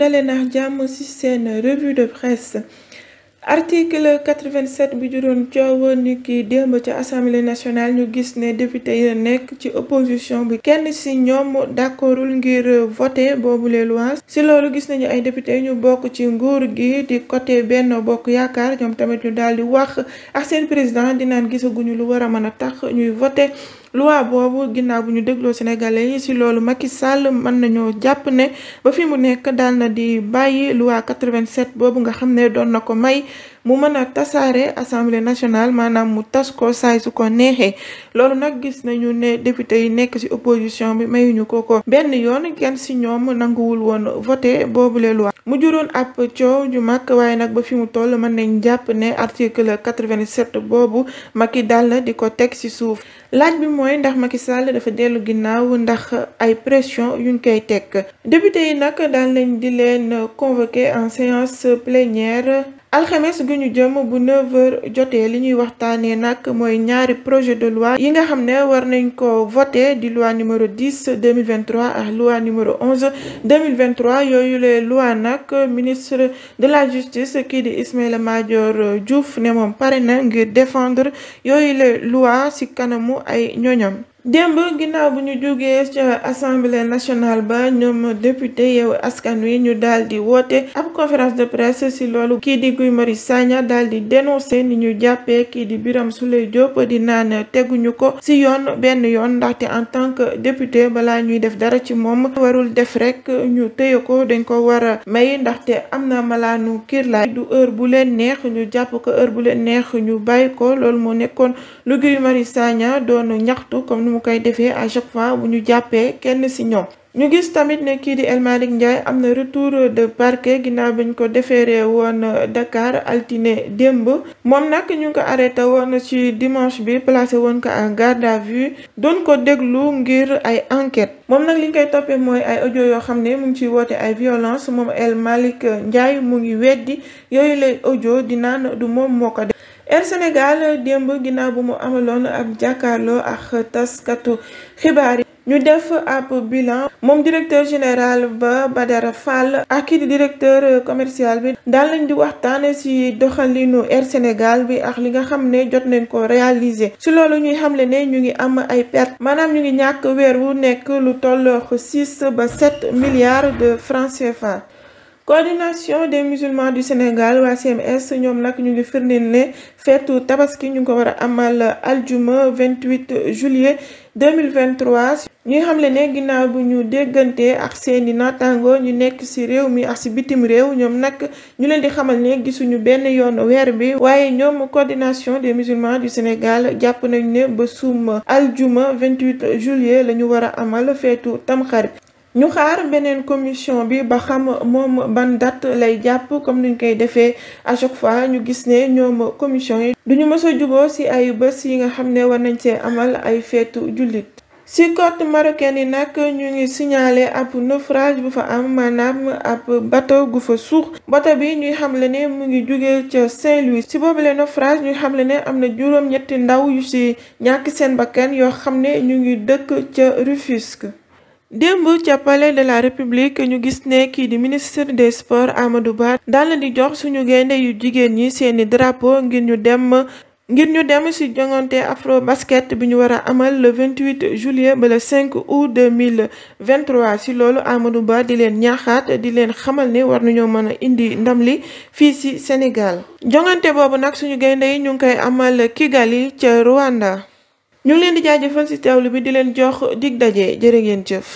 dalee na jàmm ci seen revue de presse article 87 bu juróon coow ni ki démb ca assemblée national ñu gis ne député yi nekk ci opposition bi kenn ci ñoom d'accordul ngir voter boobule loi ci loolu gis nañu ay député ñu bokk ci nguur gi di côté benn bokk yaakaar ñoom tamit ñu daal di wax ak seen président dinaan gisaguñu lu war a mën a tax ñuy voter loi boobu ginnaaw bu ñu dégloo sénégalais yi ci loolu Macky Sall mën nañoo jàpp ne ba fi mu nekk daal na di bàyyi loi 87 boobu nga xam ne doon na ko may mu mën a tasaare assemblée nationale maanaam mu tas ko saay su ko neexee loolu nag gis nañu ne député yi nekk ci opposition bi mayuñu ko ko benn yoon kenn ci ñoom nanguwul woon voté boobule wax mu juróon ab coow ju mag waaye nag ba fi mu toll mën nañ jàpp ne article 87 boobu yi dal di ko teg ci suuf laaj bi mooy ndax Macky Sall dafa dellu ginnaaw ndax ay pression yuñ koy teg député yi nag daal nañ di leen convoqué en séance plénière alxames gu ñu jëm bu 9 jotee li ñuy waxtaanee nag mooy ñaari projet de loi yi nga xam ne war nañ ko voté di loi numéro 10 2023 ak loi numéro 11 2023 yooyu le loi nag ministre de la justice kii di Ismaïla Madior Diouf ne moom pare na ngir défendre yooyu le loi ci kanamu ay ñoñam. démb ginnaaw bu ñu jógee ca assemblée nationale ba ñoom député yow askan wi ñu daal di woote ab conférence de presse ci loolu kii di Guy mari Sagna daal di dénoncé ni ñu jàppee kii di Birame Souleye Diop di naan teguñu ko ci yoon benn yoon ndaxte en tant que député balaa ñuy def dara ci moom warul def rek ñu teye ko dañ ko war a may ndaxte am na malaanu kiirlaay du heure bu leen neex ñu jàpp ko heure bu leen neex ñu bàyyi ko loolu moo nekkoon lu Guy Marius mu koy defee à chaque fois bu ñu jàppee kenn ci ñoom ñu gis tamit ne kii di El Malick Ndiaye am na retour de parquet ginnaaw bi ñu ko defeeree woon Dakar altine démb moom nag ñu ngi ko arrêté woon ci dimanche bi placé woon ko en garde à vue doon ko déglu ngir ay enquête moom nag li ñu koy toppee mooy ay audio yoo xam ne mu ngi ciy woote ay violence moom El Malick Ndiaye mu ngi weddi yooyu lay audio di naan du moom moo ko def Air Sénégal démb ginnaaw bu mu amaloon ab jàkkarloo ak taskatu xibaar yi ñu def ab bilan moom directeur général ba ba dara Fall ak kii di directeur commercial bi daal nañ di waxtaan ci doxalinu Air Sénégal bi ak li nga xam ne jot nañ ko réaliser si loolu ñuy xamle ne ñu ngi am ay perte maanaam ñu ngi ñàkk weer wu nekk lu tolloo 6 ba 7 milliards de francs CFA. coordination des musulmans du Sénégal waa CMS ñoom nag ñu ngi firndeel ne feetu tabaski ñu ngi ko war a amal aljuma 28 juillet 2023 ñuy xamle ne ginnaaw bu ñu déggante ak seeni naataango ñu nekk ci réew mi ak ci bitim réew ñoom nag ñu leen di xamal ne gisuñu benn yoon weer bi waaye ñoom coordination des musulmans du Sénégal jàpp nañu ne ba suum aljuma 28 juillet la ñu war a amal feetu tamxarit ñu xaar beneen commission bi ba xam moom ban date lay jàpp comme nuñ koy defee à chaque fois ñu gis ne ñoom commission yi duñu mës a juboo ci ay bés yi nga xam ne war nañ cee amal ay feetu jullit ci côte marocaine yi nag ñu ngi signalé ab naufrage bu fa am maanaam ab bateau gu fa suux bateau bi ñuy xamle ne mu ngi jóge ca Saint-Louis ci boobule naufrage ñuy xamle ne am na juróom-ñetti ndaw yu ci ñàkk seen bakkan yoo xam ne ñu ngi dëkk ca Rufisque démb ca palais de la république ñu gis ne kii di ministre des sports Amadou Ba daal di jox suñu gaynde yu jigéen ñi seeni drapeau ngir ñu dem ngir ñu dem ci jongante afro basket bi ñu war a amal le 28 juillet ba le 5 août 2023 ci loolu Amadou Ba di leen ñaaxaat di leen xamal ne war nañoo mën a indi ndam li fii ci Sénégal jongante boobu nag suñu gaynde yi ñu ngi koy amal Kigali ca Rwanda ñu ngi leen di jaajëfal ci teewlu bi di leen jox dig daje jërë ngeen jëf